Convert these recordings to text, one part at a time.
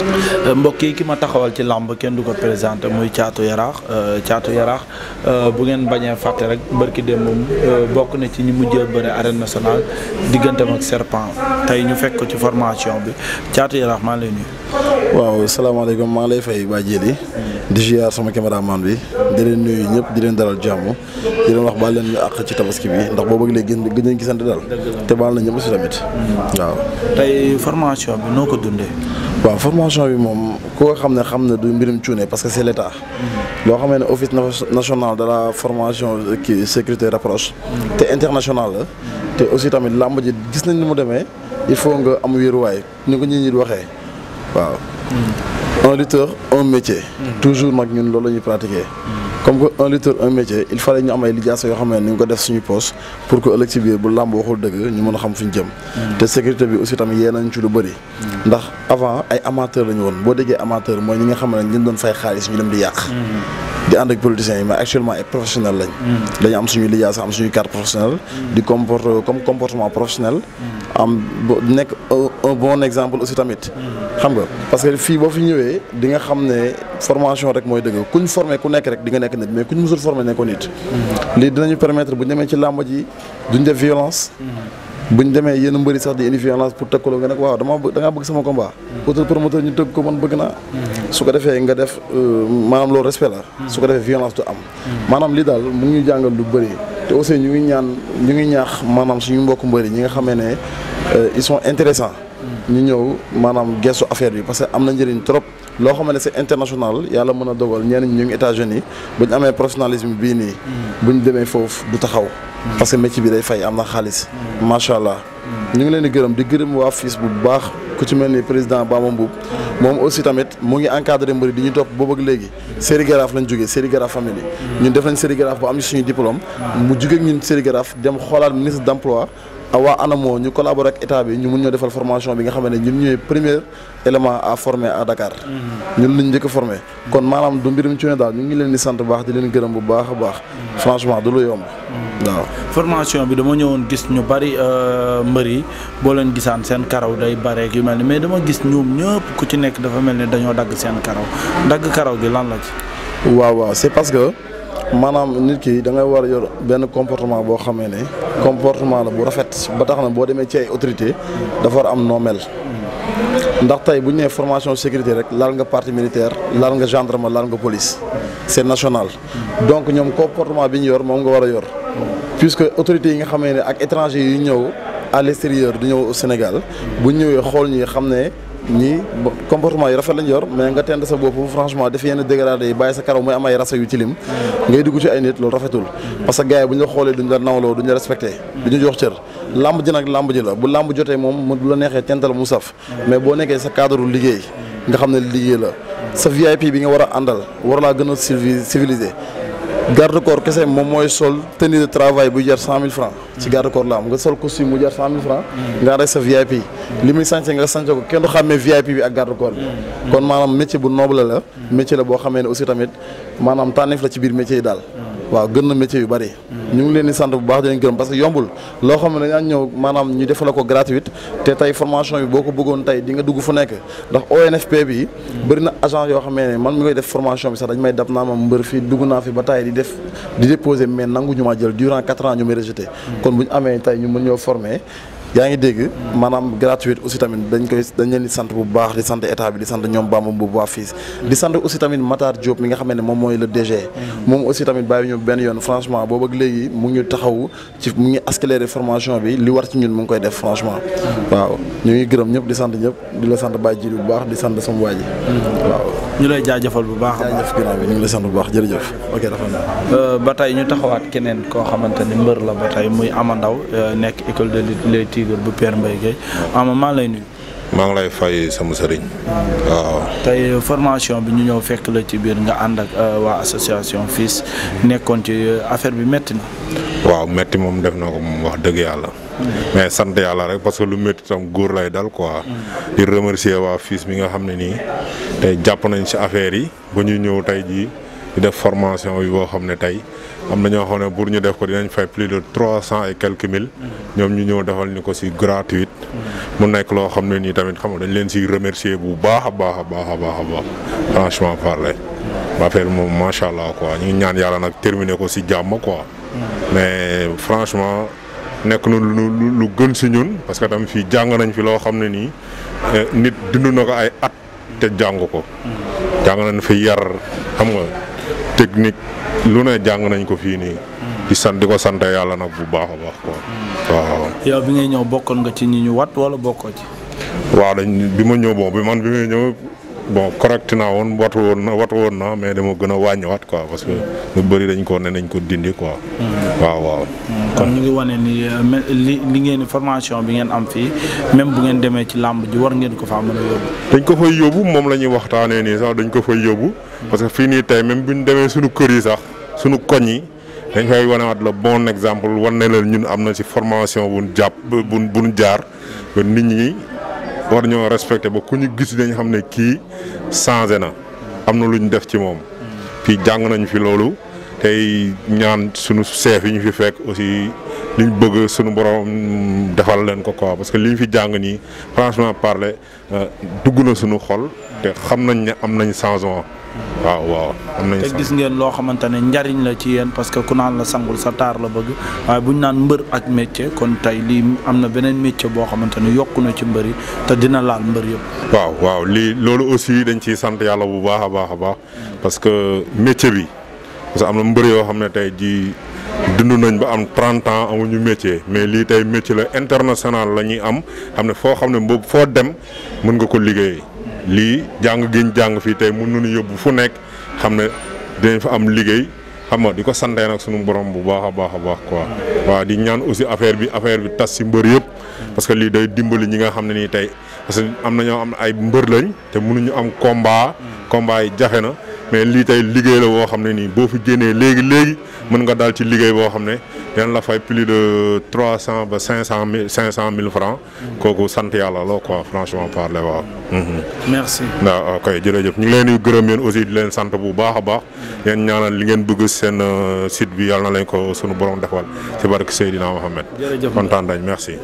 Euh, mbokk yi ki ma taxawal ci làmb kenn du ko présenté muy caatu yaraax caatu euh, yaraax euh, bu ngeen bañee fàtte rek bërki dem moom bokk na ci ñu mujjee bëre arène nationale diggante ak serpent tey ñu fekk ko ci formation bi caatu yaraax maa ngi lay nuyu. waaw salaamaaleykum maa ngi lay fay Baye Diéli di ziar sama caméraman bi di leen nuyu ñëpp di leen dalal jàmm di leen wax baa leen ñu àq ci tabaski bi ndax boobu ak léegi gën nañ gisante daal te baal na ñëpp si tamit hmm. waaw. tey formation bi noo ko dundee. waaw formation bi moom koo xam ne xam ne du mbirum cuune parce que c'est l'état loo xam ne office national de la formation kii sécurité rapproche te international la te aussi tamit làmb gis nañ ni mu demee il faut nga am wéeruwaay ñu ko ñit ñi waxee waaw un lutteur un métier mm. toujours nag ñun loolu la ñuy pratiquer comme que un lutteur un métier il fallait ñu am ay lijaasa yoo xam ne ni ñu ko def suñu poche pour que ëllëg ci biir bu làmb waxul dëgg ñu mën a xam fuñ jëm. Mm. te sécurité bi aussi tamit yee nañ ci lu bëri. Mm. ndax avant ay amateur la woon boo déggee amateur mooy ñi nga xam ne ñu doon fay xaalis ñu dem di yàq. Mm. di ànd ak politiciens yi mais actuellement ay professionnels lañ. dañu am suñu lijaasa am suñu carte professionnelle. di comporte comme comportement xam nga parce que fii boo fi ñëwee di nga xam ne formation rek mooy dëgg ñu formé ku nekk rek di nga nekk nit mais kuñ musul ne ko nit. Mm-hmm. lii dinañu permettre bu ñu demee ci làmb ji duñ def violence. Mm-hmm. bu ñu demee yenn mbëri sax di indi violence pour tëkkaloo nga nag waaw dama da ngaa bëgg sama combat. Mm-hmm. autre promoteur ñu tëgg ko man bëgg naa. su ko defee nga def euh, maanaam loolu respect la. su ko defee violence du am. maanaam lii daal mu ngi ñu jàngal lu bëri te aussi ñu ngi ñaan ñu ngi ñaax maanaam suñu mbokk mbëri ñi nga xamee ne euh, ils sont ñu ñëw maanaam gestu affaire bi parce que am na njëriñ trop loo xam ne c'est international yàlla mën a dogal ñenn ñi ñu ngi États-Unis bu ñu amee professionnalisme bii nii. Mm. bu ñu demee foofu du taxaw. Mm. parce que métier bi day fay am na xaalis. Mm. macha allah. ñu ngi leen di gërëm di gërëm waa fiis bu baax ku ci mel ni président Bamba Mbuub moom aussi tamit mu ngi encadré mbëri di ñu topp boobu ak léegi sérigraphe lañ jógee sérigraphe famille ñun def nañ sérigraphe bu am ci suñu diplôme ñu jógee ñun sérigraphe dem xoolaat ministre d' waa ANAMO ñu collaborer ak état bi ñu mun ñoo defal formation bi nga xam ne ñun ñooy premier élément à former à Dakar. Mm-hmm. ñun lañ njëkk a formé. kon maanaam du mbirum ci daal ñu ngi leen di sant baax di leen gërëm bu baax a baax. Mm-hmm. franchement du lu yomb. Mm-hmm. waaw formation bi dama ñëwoon gis ñu bari euh, mbër yi boo leen gisaan seen karaw day bareeg yu mel ni mais dama gis ñoom ñëpp ku ci nekk dafa mel ni dañoo dagg seen karaw dagg karaw gi lan la ci. waaw waaw parce que. maanaam nit ki da ngay war a yor benn comportement boo xamee ne comportement la bu rafet ba tax na boo demee ci ay autorité dafa war am noo ndax tey bu ñu nee formation sécurité rek laal nga partie militaire laal nga gendarme laal nga police c'est national donc ñoom comportement bi ñu yor moom nga war a yor puisque autorité yi nga xamee ne ak étranger yu ñëw à l'extérieur du ñëw Sénégal bu ñëwee xool ñi xam ne ñii comportement yi rafet lañ yor mais nga tend sa bopp franchement def yenn dégradé yi bàyyi sa karaw muy am ay rase yu tilim ngay dugg ci ay nit loolu rafetul parce que gars yi bu ñu la xoolee duñ la nawloo duñ la respecté du ñu jox cër lamb ji nag làmb ji la bu lamb jotee moom mu du la neexee tental mu saf mais boo nekkee sa cadre liggéey nga xam ne liggéey la sa VIP bi nga war a àndal war laa gën a civilisé garde corps kese moom mooy sol tenue de travail buy jar cent mille francs ci mm. garde corps nga sol costume mu jar cent mille francs nga rek sa VIP mm. li muy nga sànce ko kenn xàmmee VIP bi ak garde bi mm. kon maanaam métier bu noble la métier la boo xamee ne aussi tamit maanaam tànneef la ci biir métier yi daal waaw gën na métier yu bëri ñu ngi leen sant bu baax di leen gërëm que yombul loo xam ne dañaa ñëw maanaam ñu defal ko gratuite te tey formation bi boo ko bëggoon tey di nga dugg fu nekk ndax ONFP bi bëri na agent yoo xam ne man mi koy def formation bi sax dañ may dab naa ma mbër fii dugg naa fi ba tey di def di déposer mais nangu ñu ma jël durant quatre ans ñu may rejeté kon bu ñu amee tey ñu mën ñoo former yaa ngi dégg maanaam gratuite aussi tamit dañ koy dañ leen di sant bu baax di sant état bi di sant ñoom Bamba bu baax fii di sant aussi tamit Matar Diop mi nga xam ne moom mooy le DG moom aussi tamit bàyyi ñu benn yoon franchement boobu ak léegi mu ngi taxaw ci mu ngi accélérer formation bi li war ci ñun mu ngi koy def franchement waaw ñu ngi gërëm ñëpp di sant ñëpp di la sant Baye ji bu baax di sant sama waa ji waaw ñu lay jaajëfal bu baax jaajëf ginnaaw bi ñu ngi lay sant bu baax jërëjëf ok euh, ba tey ñu taxawaat keneen koo xamante ni la ba tey muy Ama Ndao euh, nekk Tigre bu Père Mbaye maa lay lay fay sama sëriñ. waaw tey formation bi ñu ñëw fekk la ci biir nga ànd ak euh, waa association FILS nekkoon ci euh, affaire bi métti na. waaw métti moom def na ko moom wax dëgg yàlla. Mm-hmm. mais sant yàlla rek parce que lu métti tam góor lay dal quoi. Mm-hmm. di remercier waa FILS mi nga xam ne nii tey jàpp nañ ci affaire yi ba ñu ñëw tey jii def formation boo xam ne tey. am na ñoo xam ne pour ñu def ko dinañ fay plus de trois cent et quelques mille. ñoom ñu ñëw defal ñu ko si gratuite. mu nekk loo xam ne nii tamit xam nga dañ leen si remercier bu baax a baax a baax a baax a baax franchement parler. affaire moom macha allah quoi ñu ngi ñaan yàlla nag terminer ko si jàmm ko mais franchement nekk na lu lu gën si ñun parce que tamit fii jàng nañ fi loo xam ne nii eh, nit dindu na ko ay at te jàng ko. jàng nañ fi yar xam nga technique. lu ne jàng nañ ko fii nii. di sant di ko sant yàlla nag bu baax a baax quoi. waaw. yow bi ngay ñëw bokkoon nga ci ñi ñu wat wala bokkoo ci. waaw dañ bi ma ñëw bon man bi may ñëw bon correct naa woon watu woon na watu woon naa mais dama gën a wàññiwaat quoi parce que lu bëri dañ ko ne nañ ko dindi quoi. Mm. waaw waaw. kon ñu ngi wane ni euh, li li ngeen formation bi ngeen am fii même bu ngeen demee ci làmb ji war ngeen ko fa am a yóbbu. dañ ko fay yóbbu moom la ñuy waxtaanee nii sax dañ ko fay yóbbu. parce que fii nii tey même bu ñu demee suñu kër yi sax suñu koñ yi. dañ fay wanewaat le bon exemple wan ne leen ñun am na si formation bu ñu jàpp bu bu ñu jaar ba nit ñi. war ñoo respecté ba ku ñu gis dañ xam ne kii changé na am na lu ñu def ci moom. fii jàng nañ fi loolu tey ñaan sunu chef yi ñu fi fekk aussi liñ bëgg sunu borom defal leen ko quoi parce que liñ fi jàng nii franchement parler euh, dugg na sunu xol te xam nañ ni am nañ changement. waaw waaw am nañ te gis ngeen loo xamante ne njariñ la ci yéen parce que ku naan la sangul sa taar la bëgg waaye bu ñu naan mbër ak métier kon tey lii am na beneen métier boo xamante ne yokku na ci mbër yi te dina laal mbër yëpp. waaw waaw lii loolu aussi dañ ciy sant yàlla bu baax a baax a baax parce que métier bi parce am na mbër yoo xam ne tey jii dund nañ ba am 30 ans amuñu métier mais lii tey métier la international la ñuy am xam ne foo xam ne boobu foo dem mun nga ko liggéey lii jàng giñ jàng fii tey mun nañu yóbbu fu nekk xam ne dañ fa am liggéey xam di ko santee nag sunu borom bu baax a baax a baax quoi. waaw di ñaan aussi affaire bi affaire bi tas si mbër yëpp. parce que lii day dimbali ñi nga xam ne nii tey parce que am na ñoo am ay mbër lañ te mënuñu am combat. combat yi jafe na mais lii tey liggéey la woo xam ne nii boo fi génnee léegi léegi mën nga daal ci liggéey boo xam ne. dinañ la fay plus de trois cent ba cinq cent mille cinq cent mille francs kooku sant yàlla la quoi franchement parler waaw. Mhm. merci. waaw ah, ok jërëjëf ñu ngi leen di gërëm yéen aussi di leen sant bu baax a baax. yéen ñaanal li ngeen bëgg seen euh, site bi yàlla na leen ko sunu borom defal ci barke Seydina Mohamed. jërëjëf kontaan nañ merci.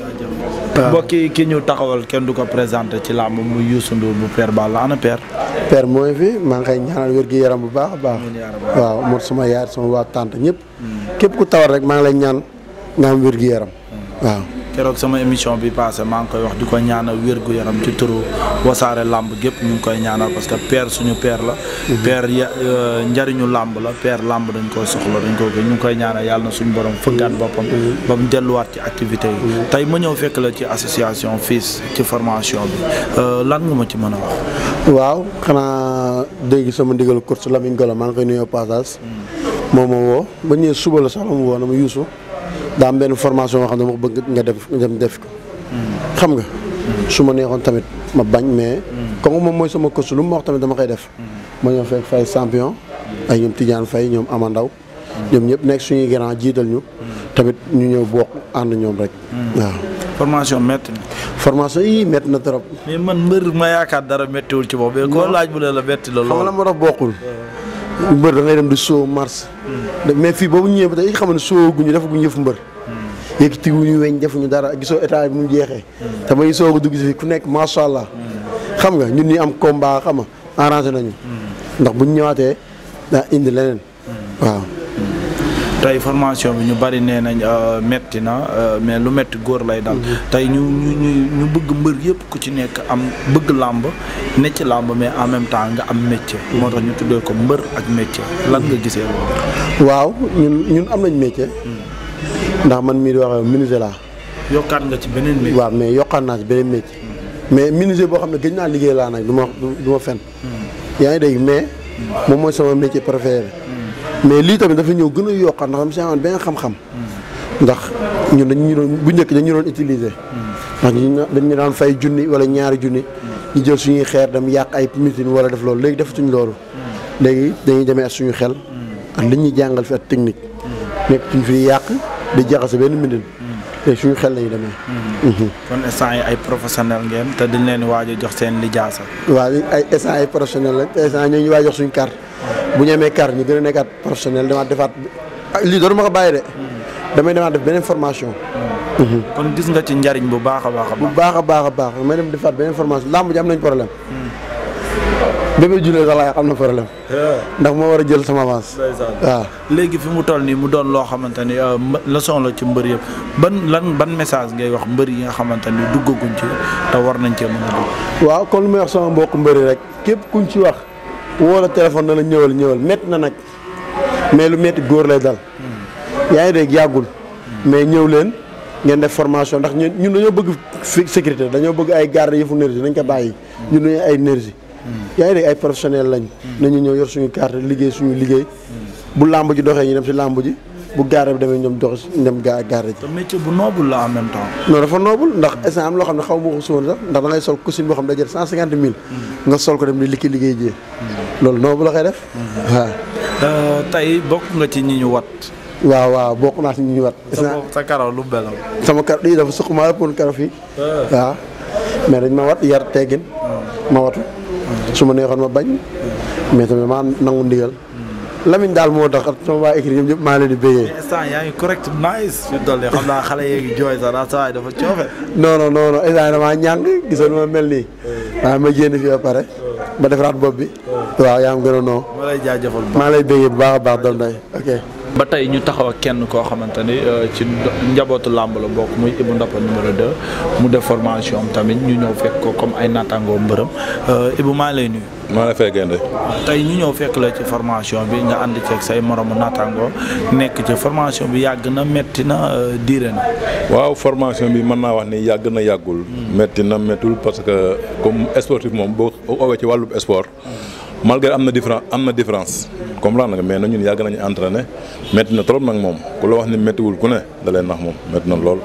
mbokki ki ñu taxawal kenn du ko présenté ci làmb mu Youssou Ndour bu Père Balla na Père. Père mooy fi maa ngi koy ñaanal wér gi yaram bu baax a baax. waaw mot suma yaay suma waa tante ñëpp. Mm. képp ku tawar rek maa ngi lay ñaan nga am wér gu yaram waaw. keroog sama émission bi passé maa ngi koy wax di ko ñaana wér gu yaram ci turu wasaare làmb gépp ñu ngi koy ñaanal parce que père suñu per mhm. euh, la. père ya njariñu làmb la père làmb dañ koy soxla dañ ko ñu ngi koy ñaanal yàlla na suñu borom fëggaat mhm. boppam. Mhm. ba mu delluwaat ci activité yi. tey ma ñëw fekk la ci association FILS ci formation bi euh, lan nga ma ci mën a wax. waaw xanaa dégg sama ndigal course moom moo woo ba ñëwee suba la sax la mu woo na ma yuusu daa am benn formation boo xam ne ma bëgg nga def nga dem def ko. Hmm. xam nga. su ma neexoon tamit ma bañ mais. Hmm. comme moom mooy sama coach lu mu wax dama koy def. Hmm. ma ñëw fekk ay ñoom Tidiane Faye ñoom Amandaw. ñoom ñëpp nekk suñuy grand jiital ñu. tamit ñu ñëw bokk ànd ñoom rek. waaw. formation métti na. na trop. man mbër yaakaar dara méttiwul ci bopp. ko laaj bu la la métti la lool. xam nga la ma doon bokkul. Euh. mbër da ngay dem di soo mars. mais fii boobu ñëwee ba tey xam ne soo guñu defaguñu yëf mbër. yëkkati wuñu weñ defuñu dara gisoo état bi mu jeexee. te ba ñu soog dugg si ku nekk macha allah. xam nga ñun ñi am combat xam nga arrangé nañu. ndax bu ñu ñëwaatee daa indi leneen waaw. tey formation bi ñu bari nee nañ euh, metti na euh, mais lu metti góor lay dal mm-hmm. tey ñu ñu ñu bëgg mbër yëpp ku ci nekk am bëgg làmb ne ci làmb mais en même temps nga am métier mm-hmm. moo tax ñu tuddee ko mbër ak métier lan nga gisee loolu waaw ñun ñun am nañ métier mm-hmm. ndax man mii di wax menuisier laa yokkaat nga ci beneen métier waaw mais yokkaat naa ci beneen métier mais boo xam ne gëj naa liggéey laa nag du ma du fen yaa ngi dégg mais moom mooy sama métier préféré mais lii tamit dafa ñëw gën a yokkaat ndax am si amoon benn xam-xam. ndax ñun dañu ñu doon bu njëkk dañ ñu doon utiliser. ndax dañu ñu daan fay junni wala ñaari junni. ñu jël suñuy xeer dem yàq ay mitin wala def loolu léegi defatuñ loolu. léegi dañuy demee ak suñu xel. ak ñuy jàngal fi ak technique. nekk suñ fi yàq di jaxase benn mitin. suñu xel lañu demee. kon instant yi ay professionnel ngeen te dañ leen waaj a jox seen lijaasa. waaw ay instant ay professionnel lañ instant ñoo ñu waaj jox suñu carte. bu ñu amee carte ñu gën a nekkaat professionnel dama defaat ah, lii doon ma ko bàyyi de. damay demaat def beneen formation. Mm-hmm. kon gis nga ci njariñ bu baax a baax a bu baax a baax a baax damay dem defaat beneen formation làmb ji am nañ problème. Mm-hmm. bébé Julé sax am na problème. ndax moo war a jël sama avance. waaw léegi fi mu toll nii mu doon loo xamante ni euh, leçon la ci mbër yëpp ban lan ban message ngay wax mbër yi nga xamante ni duggaguñ ci te war nañ cee mën a dugg. waaw kon lu may wax sama mbokk mbër rek képp kuñ ci wax. woo la téléphone dana ñëwal ñëwal métti na nag mais lu métti góor lay dal. yaa ngi dégg yàggul. mais ñëw leen ngeen def formation ndax ñun ñun dañoo bëgg sécurité dañoo bëgg ay garde yëfu nervi nañ ko bàyyi. ñun dañoo ay nervi yaa ngi dégg ay professionnel lañ. nañu ñëw yor suñu carte liggéey suñu liggéey. bu làmb ji doxee ñu dem si làmb ji. bu gaare bi demee ñoom dox dem gaa gaare ji. te métier bu noble dafa noble ndax instant am loo xam ne xaw ma ko suwoon sax ndax da ngay sol boo xam ne da mille. Mm. nga sol ko dem di liggéey liggéey loolu noonu bu la koy def. waaw. Euh, tey bokk nga ci ñi ñu wat. waaw waaw bokk naa ci ñu ñu wat. gis naa sa karaw lu belaw. sama karaw lii dafa suq maa rëppoon karaw fii. Ah. mais dañ ma wat yar teggin. Ah. ma watu. su ma ma bañ. mais tamit maa hmm. daal moo tax sama waa écrit ñoom ñëpp maa leen di béyee. instant yaa ngi correct naa xale yeegi jooy sax daal saa dafa damaa ñàng gisoon ma mel nii. Eh. waaw ma génn fii ba pare. ba defaraat bopp bi. Oh. waaw yaa ngi gën a noo. maa lay jaajëfal bu baax maa baax a ba tey ñu taxaw kenn koo xamante ni euh, ci njabootu làmb la bokk muy Ibou Ndapa numéro 2 mu def formation tamit ñu ñëw fekk ko comme ay naataangoo mbërëm euh, Ibou maa lay nuyu. maa la fay gënde. tey ñu ñëw fekk la ci formation bi nga indi ceeg say moromu naataangoo nekk ci formation bi yàgg na metti na euh, diire na. waaw formation bi mën naa wax ni yàgg na yàggul. Hmm. metti na mettul parce que comme sportif moom boo owee ci wàllu esport hmm. malgré am na différence am na différence comprendre nga mais na ñun yàgg nañu entraîné métti na trop nag moom ku la wax ni méttiwul ku ne da leen nax moom métti na lool.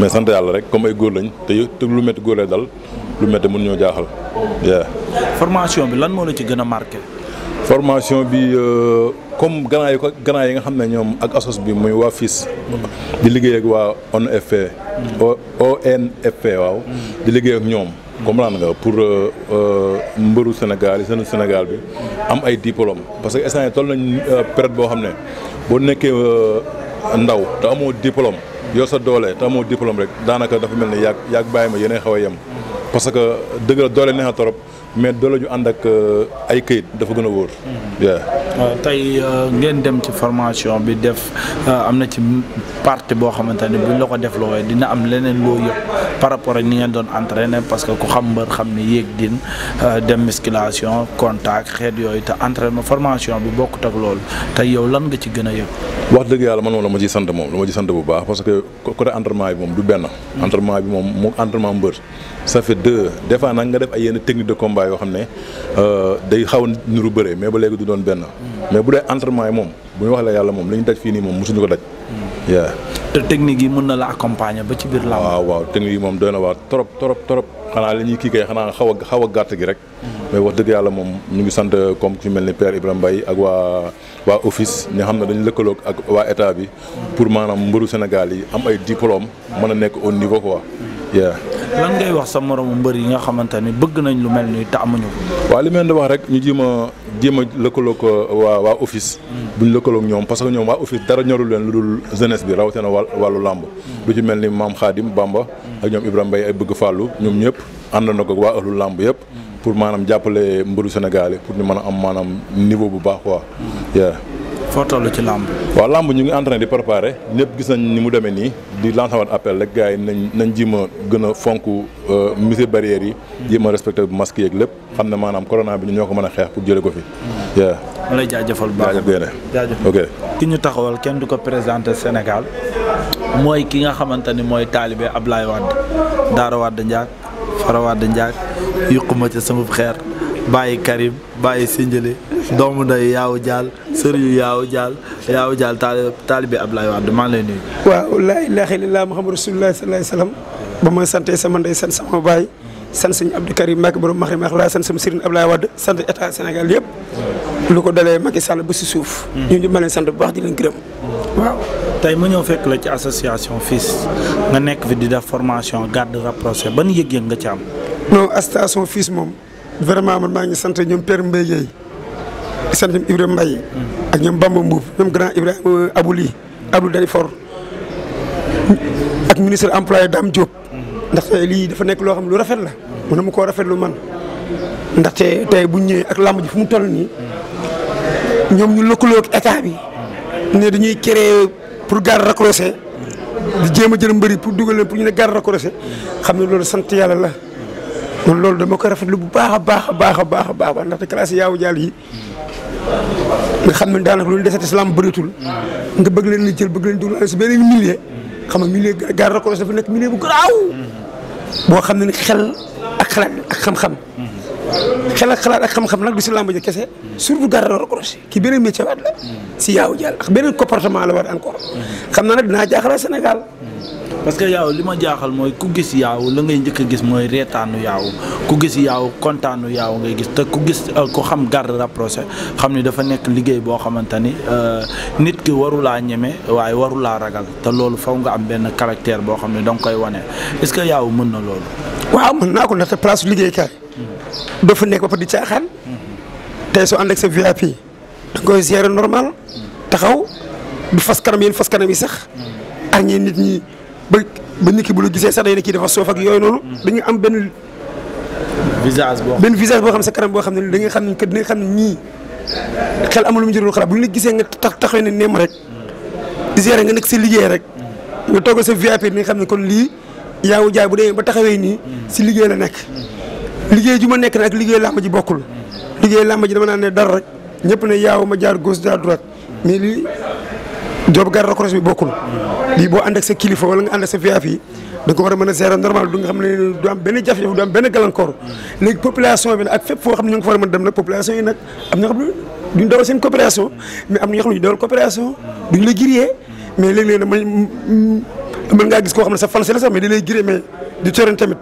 mais sant yàlla rek comme ay góor lañ te lu métti góor lay dal lu métti mun ñoo jaaxal. formation bi lan moo la ci gën a marqué. formation bi euh, comme ganaar yi ko ganaar yi nga xam ne ñoom ak asos bi muy waa FIS. di liggéey ak waa ONFP. Mm. ONFP waaw. Mm. di liggéey ñoom. comprendre nga pour euh, euh, mbëru Sénégal yi seen Sénégal bi am ay diplôme parce que instant yii toll nañ euh, période boo xam ne boo nekkee ndaw te amoo diplôme yow sa doole te amoo diplôme rek daanaka dafa mel ni yàgg yàgg bàyyi ma yéen a xaw a yem parce que dëgg doole neex na trop. mais doole ju ànd ak euh, ay këyit dafa gën a wóor. Mhm. Euh, tey euh, ngeen dem ci formation bi def am na ci partie boo xamante ne buñ la ko def looy dina am leneen boo yëpp par rapport ak ni ngeen doon entraîner parce que ku xam mbër xam ne yéeg din dem musculation contact xeet yooyu te entraînement formation bi bokkut ak loolu tey yow lan nga ci gën a yëg. wax dëgg yàlla man moom la ma ciy sant moom la ma ciy sant bu baax parce que côté entraînement bi moom du benn. Mhm. entraînement bi moom mu entraînement mbër ça yoo xam ne euh, day xaw a niru bëree mais ba léegi du doon benn. mais bu dee entraînement yi moom bu ñu wax la yàlla moom li nii moom mosuñu ko daj. Hmm. te technique yi mën na la accompagner ba ci biir làmb. waaw waaw technique yi moom doy na waar trop trop trop xanaa li ñuy kii kay xanaa xaw a xaw a gàtt gi rek. Hmm. mais wax dëgg yàlla moom ñu ngi sant comme ci mel ni père Ibrahima mbay ak waa waa office ñi xam ne dañu lëkkaloo ak waa état bi. pour maanaam mbëru Sénégal yi am ay diplôme mën a nekk au niveau quoi. lan ngay wax sa moromu mbër yi nga xamante ni bëgg nañ lu mel nii te amuñu ko. waaw li mel di wax rek ñu jéem a jéem a lëkkaloog uh, waa waa office. Mm. buñ lëkkaloog ñoom parce que ñoom waa office dara ñorul leen lu dul jeunesse bi rawatina wàllu làmb. Mm. lu ci mel ni maam Khadim Bamba. Mm. ak ñoom Ibrahima Mbaye ay bëgg fàllu ñoom ñëpp ànd na ko waa ëllu làmb yëpp. pour maanaam jàppale mbëru Sénégal yi pour ñu mën a am maanaam niveau bu baax quoi. foo toll ci làmb waaw làmb ñu ngi en train di préparer ñëpp gis nañ ni mu demee nii di lancer woon appel rek gars yi nañ nañ ji gën a fonk euh, mesures barrières yi ji ma respecté bu masque yeeg lépp xam ne maanaam corona bi ñu ñoo ko mën a xeex pour jële ko fi waaw hmm. ma lay jaajëfal baax jaajëf ok ki ñu taxawal kenn du ko présenté Sénégal mooy ki nga xamante ni mooy taalibe Ablaye Wade Daara Wade Ndiak Fara Wade Ndiak yuquma ci sama xeer bàyyi Karim bàyyi Sinjele doomu nday yaaw jaal sëriñu yaaw jaal yaaw jaal taalibe Ablaye Wade maa ngi lay nuyu. waaw laa ilaaha illallaah Muhammadu rasuulullaahi sallallaahu alayhi wa sallam ba ma sante sama ndey sant sama baay sant sëñ Abdou Karim Mbacke borom maxrim ak laa sant sama sëriñ Ablaye Wade sant état Sénégal yëpp. lu ko dalee i Sall ba si suuf. Hmm. ñu ma leen sant bu baax di leen gërëm. waaw tey ma ñëw fekk la ci association FILS nga nekk fi di def formation garde rapproché ban yëg-yëg nga ci am. non association FILS moom. vraiment man maa ngi sant ñoom per Mbaye Guèye di sant ñoom Ibrahima Mbaye ak ñoom Bamba Mbuub ñoom grand Ibrahima euh, Abouli Abdou Dalifor ak ministre employé Dame Diop ndaxte lii dafa nekk loo xam lu rafet la mën mu koo rafetlu man ndaxte tey bu ñëwee ak làmb ji fu mu toll nii ñoom ñu lëkkaloo ak état bi ne dañuy créer pour garde rapprochée di jéem a jël mbëri pour dugal leen pour ñu ne garde rapprochée xam ne loolu sant yàlla la man loolu dama ko rafetlu bu baax a baax a baax a baax a baax ndaxte classe yaawu jàll yi nga xam ne daanaka lu ñu desati islam bëreetul nga bëgg leen na jël bëgg leen dugal si beneen millier xam nga millier garde reconnaitre dafa nekk millier bu garaaw boo xam ne xel ak xalaat ak xam-xam xel ak ak xam-xam nag du si lamb ji kese surtout garra la ki beneen métier waat la si yaaw jàll ak beneen comportement la waat encore xam naa nag dinaa jaaxal Sénégal parce que yaaw li ma jaaxal mooy ku gis yaaw la ngay njëkk a gis mooy reetaanu yaaw ku gis yaaw kontaanu yaaw ngay gis te ku gis euh, ku xam garde rapproché xam ni dafa nekk liggéey boo xamante ni euh, nit ki warulaa ñeme waaye warulaa ragal te loolu faw nga am benn caractère boo xam ne danga koy wane est que yaaw mën na loolu waaw mën doo fa nekk ba pare di caaxaan tey soo ànd ak sa VIP da nga koy gérer normal taxaw du fas kanam yéen fas kanam yi sax ak ñeen nit ñi ba nit ki bu lu gisee sax day ne kii dafa soof ak yooyu noonu dañu am benn visage boo benn visage boo xam sa kanam boo xam ne da nga xam ne da nga xam ne ñii xel amul lu mu jëloon xalaat bu ñu la gisee nga tax taxawee ne neem rek gérer nga nekk si liggéey rek nga togg sa VIP di nga xam ne kon lii yaawu jaay bu demee ba taxawee nii si liggéey la nekk liggéey ju ma nekk nag liggéey làmb ji bokkul liggéey làmb ji dama naan ne dara rek ñëpp ne yaaw ma jaar gauche jaar droite mais lii job gar raccroche bi bokkul lii boo ànd ak sa kilifa wala nga ànd ak sa fiyaaf yi da ko war a mën a gérer normal du nga xam ne du am benn jafe-jafe du am benn gàllankoor population bi nag ak fépp foo xam ne ñu ngi fa war a mën dem nag population yi na dawal seen coopération mais am na ñoo xam ne ñu dawal coopération duñ mais léeg-léeg nag mën ngaa gis koo xam ne sa fan la sax mais di lay giree mais di coren tamit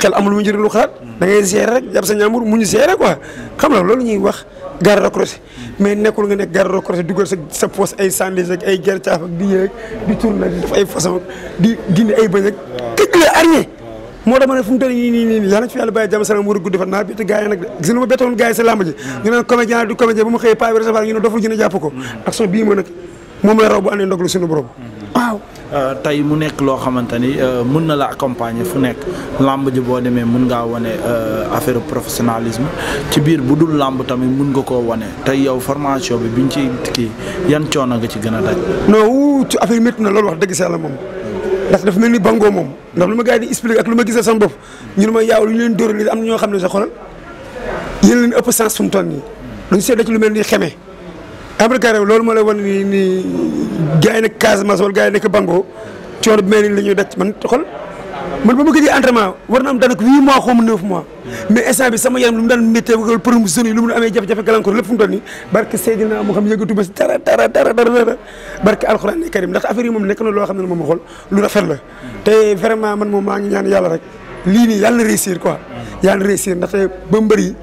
xel amul mu njëriñ lu xalaat da ngay seere rek jàpp sa ñaamur mu ñu seere quoi xam nga loolu ñuy wax garde rapproché mais nekkul nga nekk garde rapproché dugal sa di yéeg di ne a gudd fan naa bett gars yi nag de gis nga ma bettoon sa làmb ji ñu naan comédien du comédien bu ma xëyee paa mm. nag moom la raw bu andee ndog lu suñu borom waaw euh, tey mu nekk loo xamante ni euh, mën na la accompagner fu nekk làmb ji boo demee mën ngaa wane euh, affaire professionnalisme ci biir bu dul làmb tamit mun nga koo wane tey yow formation bi biñ ci kii yan coono nga ci gën a daj. noo wuu ci affaire na loolu wax dëgg yàlla moom ndax dafa mel ni bangoo moom ndax lu ma gars yi di expliquer ak lu ma gisal sama bopp ñu ne ma yaaw lu ñu leen dóor li am na ñoo xam ne sa xolal yéen leen ëpp sens fu mu toll nii dañu embarqué wu loolu moo lay wan ni nii gars yi nekk Casamance wala gars yi nekk Bango coono bi mel ni li ñuy man xol man ba ma gëj a war na am daanaka huit mois xaw ma neuf mois mais instant bi sama yaram lu mu daan méttee wala promotion yi lu mu amee jafe ba si dara dara dara dara barke la te vraiment man moom maa ngi ñaan yàlla rek lii nii yàlla na réussir yàlla na ndaxte ba mbër yi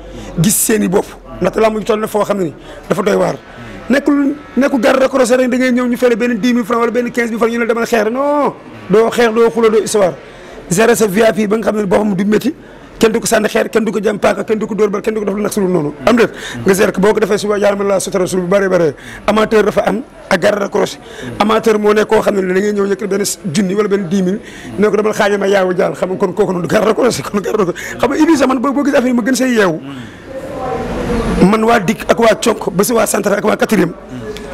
gis seen i ndaxte laa mujj toll na foo xam ne ni dafa doy waar nekkul nekkul garde de corps rek da ngay ñëw ñu fere benn dix mille francs wala benn quinze mille francs ñu ne demal xeex non doo xeex doo xuloo doo histoire gérer sa vie fii ba nga xam ne boo ko defee suba yaarama la sotara sul bu bëree bëree amateur dafa am ak garde de corps amateur moo nekk koo xam ne da ngay ñëw yëkkati benn junni wala benn dix mille ne yaawu jaal xam nga kon kooku garde de xam nga ibisa man boo gis affaire ma gën say yeewu man waa dikk ak waa conk ba si waa central ak waa quatrième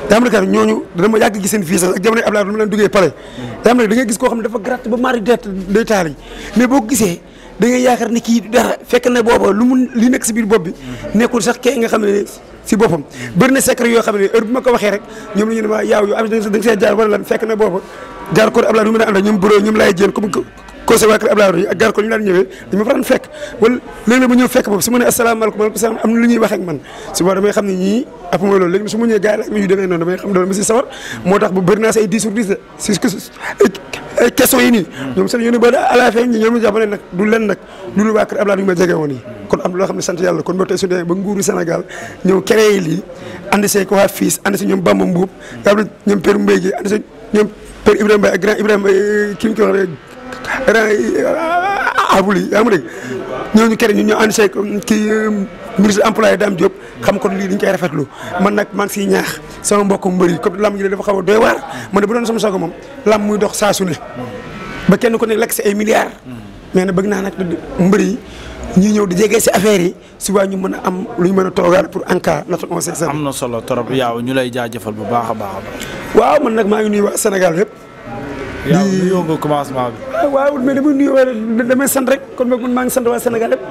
yaa am na kat ñooñu dama yàgg gis seen visage ak jamono yi lu mu gis koo xam ne dafa gratte ba mari mais boo ko gisee da ngay yaakaar kii dara fekk na booba lu nekk si biir bopp bi nekkul sax kee xam ne si boppam bëri na secret yoo xam ne heure bu ma waxee rek ñoom la ñu ne ma yaaw yu am da nga see na booba jaar ko laay jéen conseil waa kër Abdoulaye Wade ak gar ko ñu ma fa daan fekk ñuy wax ak man su xam ne ñii ap mooy loolu su ma ñëwee gars demee noonu damay xam doon ma si sawar moo tax bu bëri naa si yi nii ñoom seen yónni ba à la fin ñoom ñu jàpp ne nag du ñu ma jege woon yi kon am loo xam ne sant yàlla kon ba tey su demee ba nguuru Sénégal ñëw créé lii ànd see ko waa fiis ànd si ñoom Bamba Mbuub ñoom Père Mbaye gi ànd si ñoom Père Ibrahima ak grand Ibrahima eh, ki mu a ah, yi yaa ma dégg ñooñu kere ñu ñoo ànd ki kii euh, ministre employé Dame Diop xam kon lii dañ koy rafetlu man nag man ngi siy ñaax sama mbokku mbër yi comme lamb dafa xaw a man de bu doon sama soog moom lamb muy dox saa su ne ba kenn ku nekk lekk si ay milliards mais nag bëgg naa nag mbër yi ñi ñëw di jege si affaire yi suba ñu mën a am lu ñu mën a toogaat pour ANCAR notre am na solo trop yaaw ñu lay jaajëfal bu baax a baax baax. waaw man nag maa ngi nuyu waa Sénégal yëpp. yaa ngi nuyoo nga commencement bi. Ah, waaw mais damay nuyoo sant rek kon boog man maa ngi sant waa Sénégal yëpp.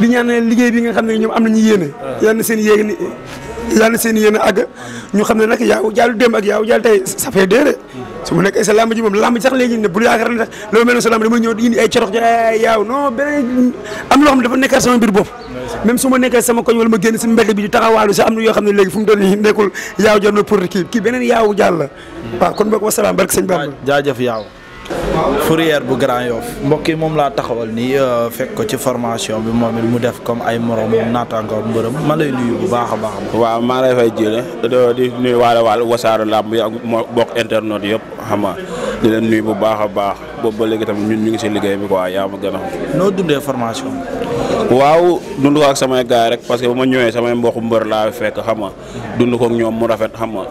di ñaanal liggéey bi nga xam ne ñoom am nañu yéene. Ah. yal na seen yéene yal na seen yéene àgg. ñu xam ne nag yaaw jaalu démb ak yaaw jaal tey ça fait deux su ma nekkee sa lamb ji moom lamb ji sax léegi ne bu yaakaar ne loolu mel na sa lamb dama ñëw indi ay corox yaaw non beneen am loo xam ne dafa nekkaat sama mbir bopp même su ma nekkee sama koñ wala ma génn si mbedd bi di taxawaalu sax am na yoo ne léegi fu mu doon nekkul yaaw jot na pour kii kii beneen yaaw jàll hmm. waaw kon boog yaaw fourrière bu Grand Yoff mbokk yi moom laa taxawal nii euh, fekk ko ci formation bi moom it mu def comme ay moromam naataangoom mbërëm ma lay nuyu bu baax a baax. ma maa lay fay jële di nuyu waale waal wasaare làmb yi ak bokk internet yëpp xam di leen nuyu bu baax a baax boobu ba léegi tamit ñun ñu ngi si liggéey bi quoi yaa a xam. noo dundee formation waaw dund ko ak samay gaay rek parce que bu ma ñëwee samay mbokk mbër laa fekk xam nga dund ko ñoom mu rafet xam nga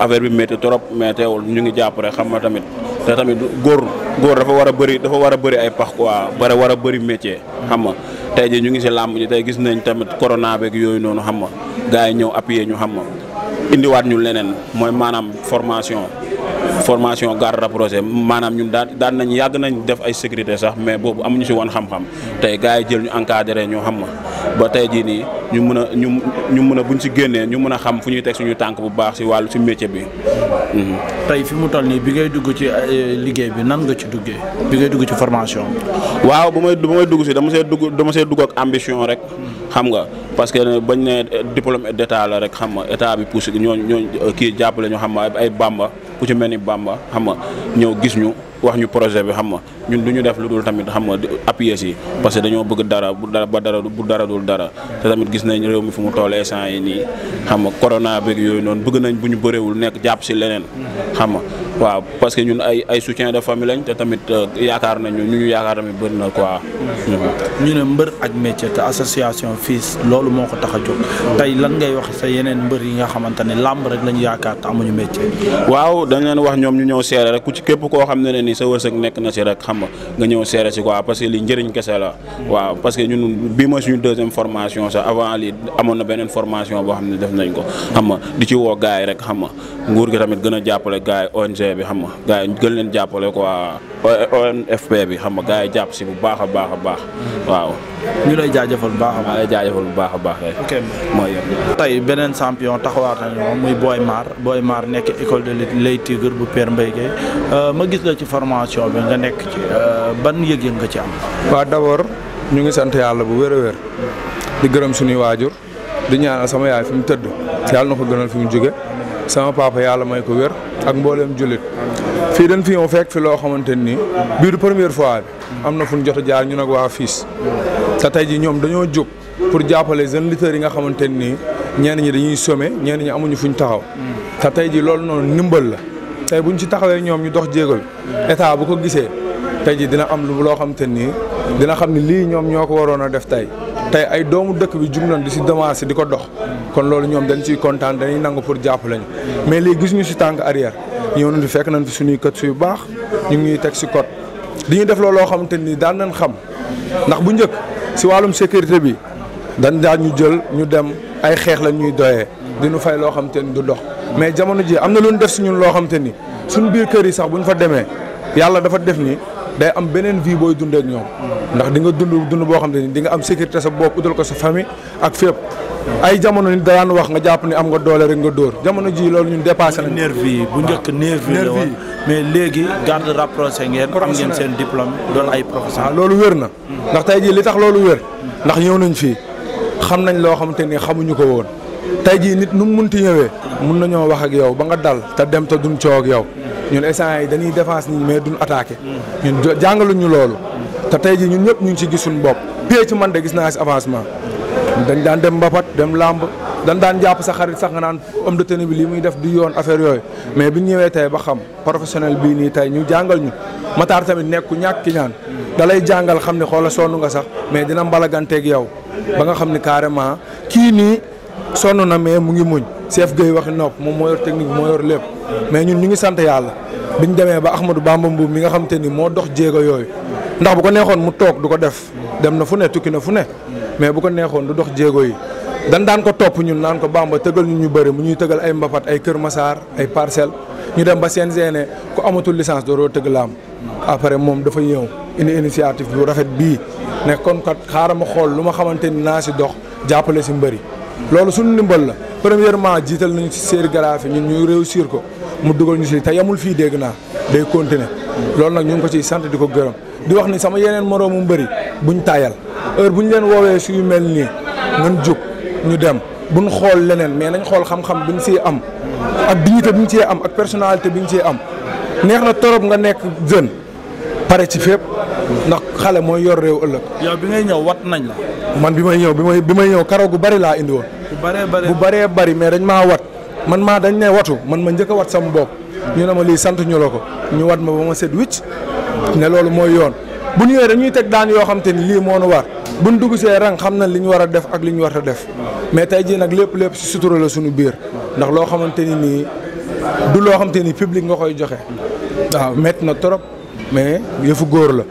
affaire bi métti trop mais ñu ngi jàpp rek xam nga tamit. te tamit góor góor dafa war a bëri dafa war a bëri ay pax quoi bare war a bëri métier xam nga tey jii ñu ngi si làmb ji tey gis nañ tamit corona beeg yooyu noonu xam ma gars yi ñëw appuyer ñu xam nga indiwaat ñu leneen mooy maanaam formation formation garde rapprochée maanaam ñu daan daan nañ yàgg nañ def ay sécurité sax mais boobu amuñu si woon xam-xam tey gars yi jël ñu encadré ñu xam ma ba tey jii nii ñu mun a ñu ñu mën a buñ si génnee ñu mun a xam fu ñuy teg suñu tànk bu baax si wàll ci métier bi. Mhm. tey fi mu toll nii bi ngay dugg ci eh, liggéey bi nan nga ci duggee bi ngay dugg ci formation waaw ba may bu may dugg si dama see dugg dama see dugg ak ambition rek. xam nga parce que bañ ne eh, diplôme d'état rek xam nga état bi pousse ñooñu ñooñu kii jàppale ñu xam nga ay bàmba ku ci mel ni bàmba xam nga ñëw gis ñu. wax ñu projet bi xam nga ñun du ñu def lu dul tamit xam nga appuyer si parce que dañoo bëgg dara bu dara dul dara te tamit gis nañ réew mi fu mu toll instant nii xam nga yooyu noonu bëgg nañ bu ñu bëreewul nekk jàpp si leneen xam waaw parce que ñun ay ay soutien de famille lañ te tamit euh, yaakaar nañu ñu ñu yaakaar tamit bëri na quoi. Mhm. ñu ne mbër ak métier te association FILS loolu moo ko tax a jóg tey lan ngay wax sa yeneen mbër yi nga xamante ne làmb rek lañu yaakaar te amuñu métier. waaw dañ wax ñoom ñu ñëw seere rek ku ci képp koo xam ne ni sa wërsëg nekk na si rek xam nga nga ñëw seere si quoi parce que li njëriñ kese la waaw parce que ñun bii mooy suñu deuxième formation sax avant lii amoon na beneen formation boo xam ne def nañ ko xam di ci woo gars rek xam nga nguur gi tamit gën a jàppale gars yi ONG bi xam nga gars yi gën leen jàppale quoi ONFP bi xam nga gars yi jàpp si bu baax a baax a baax waaw ñu lay jaajëfal bu baax a baax lay bu baax a baax ok mooy tey beneen champion taxawaat nañu moom muy Boy Mar Boy Mar nekk école de lutte bu Père Mbaye euh, gis la ci formation bi nga nekk ci euh, ban yëg-yëg nga ci am. waaw d'abord ñu ngi sant yàlla bu wér a wér di gërëm suñuy waajur di ñaanal sama yaay fi mu tëdd yàlla na ko gënal fi mu jóge sama papa yàlla may ko wér ak mbooleem jullit fii dañ fi ñëw fekk fi loo xamante ni bii première fois bi am na fu ñu jot a jaar ñu nag waa fiis te tey ji ñoom dañoo jóg pour jàppale jeunes lutteurs yi nga xamante nii ñenn ñi dañuy somme ñenn ñi amuñu fu ñu taxaw te tey ji loolu noonu ndimbal la tey bu ñu ci taxawee ñoom ñu dox jéego bi état bu ko gisee tey ji dina am lu loo xam te nii dina xam ne lii ñoom ñoo ko waroon a def tey tey ay doomu dëkk bi jug nañ di si demancé di ko dox kon loolu ñoom dañ ciy kontaan dañuy nangu pour jàpp lañu mais lii gis ñu si tànk arrière ñëw nañ fi fekk nañ fi suñuy kët suy baax ñu ngi teg si code di ñu def loolu loo xam te nii daan nan xam ndax bu njëkk si wàllum sécurité bi dan daan ñu jël ñu dem ay xeex lañ ñuy doyee di nu fay loo te du dox mais jamono ji am na lu ñu def loo xam te ni suñ biir kër yi sax bu ñu fa demee yàlla dafa def ni day am beneen vie booy dundee ak ndax di nga dund dund boo xam te ni di nga am sécurité sa bopp utal ko sa famille ak fépp ay jamono wax nga jàpp ni am nga doole rek nga dóor jamono ji loolu ñun dépassé nañ nervi bu njëkk nervi la woon mais léegi garde rapproché ngeen ngeen seen diplôme doon ay loolu wér na ndax tey jii li tax loolu wér ndax ñëw nañ fii xam nañ loo xam te ni xamuñu ko woon tey jii nit nu mu munti ñëwee mun nañoo wax ak yow ba nga dal te dem te duñ coow ak yow ñun essence yi dañuy défense nit ñi mais duñ attaqué ñun jàngaluñu loolu te tey jii ñun ñëpp ñu ngi ci gis suñu bopp pie man de gis naa si avancement dañ daan dem mbapat dem làmb dañ daan jàpp sa xarit sax nga naan homme de tenue bi li muy def du yoon affaire yooyu mais bi ñu ñëwee tey ba xam professionnel bii nii tey ñu jàngal ñu Matar tamit nekku ku ñàkk ñaan da lay jàngal xam ne xoola sonn nga sax mais dina mbalaganteeg yow sonn na mais mu ngi muñ chef Gueye waxi nopp moom moo yor technique moo yor lépp mais ñun ñu ngi sant yàlla biñ demee ba Ahmadou Bamba Mbuub mi nga xam ni moo dox jéego yooyu ndax bu ko neexoon mu toog du ko def dem na fu ne tukki na fu ne mais bu ko neexoon du dox jéego yi dan daan ko topp ñun naan ko Bamba tëgal ñu ñu bëri mu ñuy tëgal ay mbapat ay Kër Masaar ay Parcelles ñu dem ba seen ne ku amatul licence dooroo tëgg laam après moom dafa ñëw indi initiative bu rafet bii ne kon kat ma xool lu ma xamante ni naa si dox jàppale si mbëri loolu suñu ndimbal la premièrement jiital nañu ci sérigraphie ñun ñu réussir ko mu dugal ñu si te yamul fii dégg naa day continuer loolu nag ñu ngi ko ciy sant di ko gërëm di wax ni sama yeneen moroomu mbëri buñ taayal heure bu ñu leen woowee su yu mel nii ngeen jóg ñu dem buñ xool leneen mais nañ xool xam-xam bi ñu ciy am ak dignité bi ñu ciy am ak personnalité bi ñu ciy am neex na torop nga nekk jeune pare ci fépp ndax xale mooy yor réew ëllëg. yow bi ngay ñëw wat nañ la. man bi may ñëw bi may bi may ñëw karaw gu bari laa indi woon. bu baree bari bu baree bari mais dañ maa wat. man maa dañ ne watu man ma njëkk wat sama bopp. ñu ne ma lii sant ñu la ko ñu wat ma ba ma set wicc ne loolu mooy yoon bu ñëwee dañuy teg daan yoo xam te ni lii moo nu war buñ dugg see rang xam na li ñu war a def ak li ñu war a def mais tey jii nag lépp lépp si sutura la suñu biir ndax loo xamante ni nii du loo xamante ni public nga koy joxe waaw métti na trop mais yëfu góor la.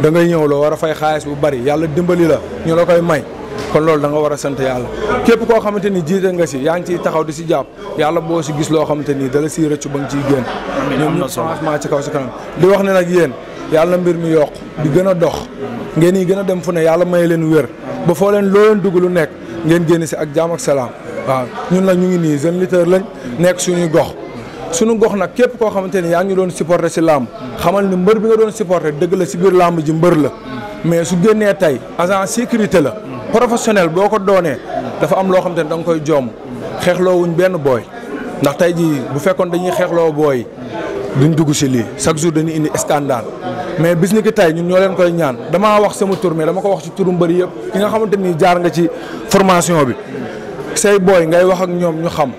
da ngay ñëw loo war a fay xaalis bu bari yàlla dimbali la ñu la koy may kon loolu danga war a sant yàlla képp koo xamante ni jiite nga si yaa ngi ciy taxaw di si jàpp yàlla boo si gis loo xamante ni dala siy rëccu ba nga ciy génn ñoom ñu changement ci kaw si kanam di wax ne nag yéen yàlla mbir mi yokk di gën a dox ngeen yi gën a dem fu ne yàlla may leen wér ba foo leen loo dugg lu nekk ngeen génn si ak jaam ak salaam waaw ñun nag ñu ngi nii jeune lutteur lañ nekk suñuy gox sunu gox nag képp koo xamante ni yaa ngi doon supporter si làmb xamal ni mbër bi nga doon supporter dëgg la si biir làmb ji mbër la mais su génnee tey agent sécurité la professionnel boo ko doonee dafa am loo xamante ni da nga koy joom xeexloo wuñ benn booy ndax tey jii bu fekkoon dañuy xeexloo booy duñ dugg si lii chaque jour dañuy indi scandale mais bis ni ki tey ñun ñoo leen koy ñaan damaa wax sama tur mais dama ko wax ci turu mbëri yëpp ki nga xamante ni jaar nga ci formation bi say booy ngay wax ak ñoom ñu xam.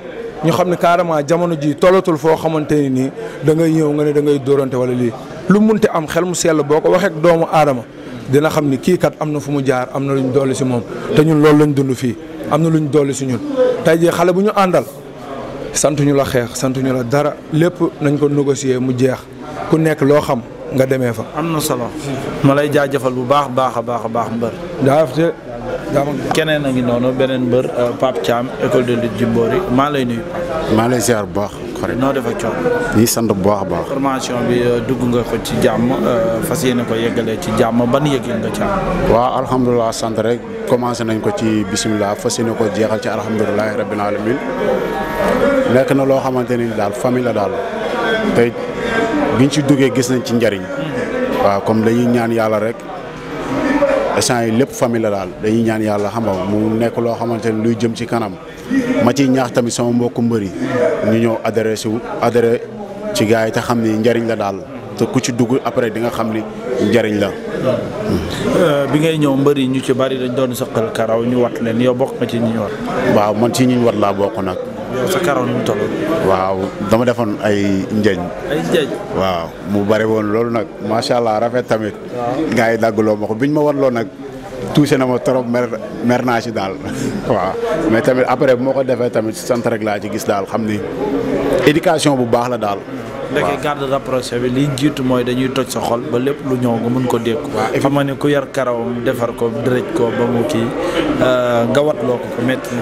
ñu xam ne carrément jamono ji tollatul foo xamante ni nii da ngay ñëw nga ne da ngay dóorante wala lii lu munti am xel mu sell boo ko waxee doomu aadama dina xam ni kii kat am na fu mu jaar am na luñ dolli si moom te ñun loolu lañ dund fii am na luñ dolli si ñun tey jii xale bu ñu àndal sant ñu la xeex sant ñu la dara lépp nañ ko négocier mu jeex ku nekk loo xam nga demee fa. am na solo. ma lay jaajëfal bu baax baax a baax a baax mbër. keneen a ngi noonu beneen mbër euh, Pape Thiam école de lutte Djimbory maa lay nuyu. maa lay ziar bu baax. xore noo def ak coono. ñu ngi sant bi euh, dugg nga ko ci jàmm euh, fas yéene ko yeggalee ci jàmm ban yëg-yëg nga ci am. waaw alhamdulilah sant rek commencé nañ ko ci bisimilah fas yéene ko jeexal ci alhamdulilah rabbil alamin nekk na loo xamante ni daal famille la daal te biñ ci duggee gis nañ ci njariñ. Hmm. waaw comme dañuy ñaan yàlla rek. essence yi lépp famille daal dañuy ñaan yàlla xam nga mu nekk loo xamante ne luy jëm ci kanam ma ciy ñaax tamit sama mbokk mbër yi ñu ñëw adressé wu adressé ci gars yi te xam ni njariñ la daal te ku ci dugg après di nga xam ni njëriñ la. Euh, bi ngay ñëw mbër yi ñu ci bari dañ doon soqal karaw ñu wat leen yow bokk nga ci ñi ñu wat. waaw man ci ñu wat laa bokk nag. yow sa karaw nu mu toll. waaw dama defoon ay njeeñ. waaw mu bëri woon loolu nag macha allah rafet tamit. waaw gars yi daggloo ma ko biñ ma wan loolu nag. touché na ma trop mer mer naa ci daal waaw mais tamit après bu moo ko defee tamit sant rek laa ci gis daal xam ni éducation bu baax la daal. waaw ndeke garde liy jiitu mooy dañuy toj sa xol ba lépp lu ñëw nga mun ko dégg. waaw xam ne ku yar defar ko dërëj ko ba kii euh, nga watloo ko ko métti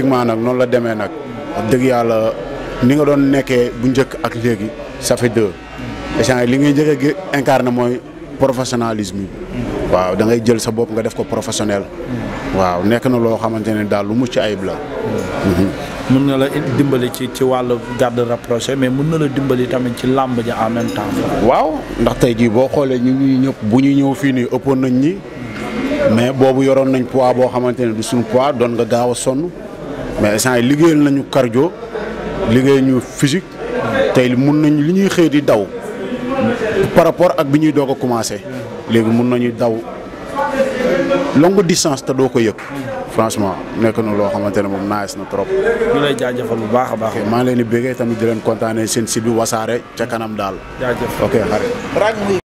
nag noonu la demee nag. wax dëgg yàlla ni nga doon nekkee bu njëkk ak léegi ça fait deux échange li ngay njëkk a incarné mooy professionnalisme bi waaw da ngay jël sa bopp nga def ko professionnel waaw nekk na loo xamante ne daal lu mucc ayib la mun mhm. na la dimbali ci ci wàllu garde rapproché mais mun na la dimbali tamit ci làmb ja en même temps waaw ndax tey jii boo xoolee ñu ñëpp bu ñuy ñëw fii nii ëppoon nañ ñi mais boobu yoroon nañ poids boo xamante ne du suñu pois doon nga gaaw a sonn mais instant yi liggéeyal nañu cardio liggéey ñu physique tey mun nañu li ñuy xëy di daw par rapport ak bi ñuy doog a commencé léegi mun nañu daw longue distance te doo ko yëg franchement nekk na loo xamante ne moom nice na trop. ñu lay jaajëfal bu baax a baax. maa leen di bëggee tamit di leen kontaanee seen site bi wasaare ca kanam daal. ok xarit.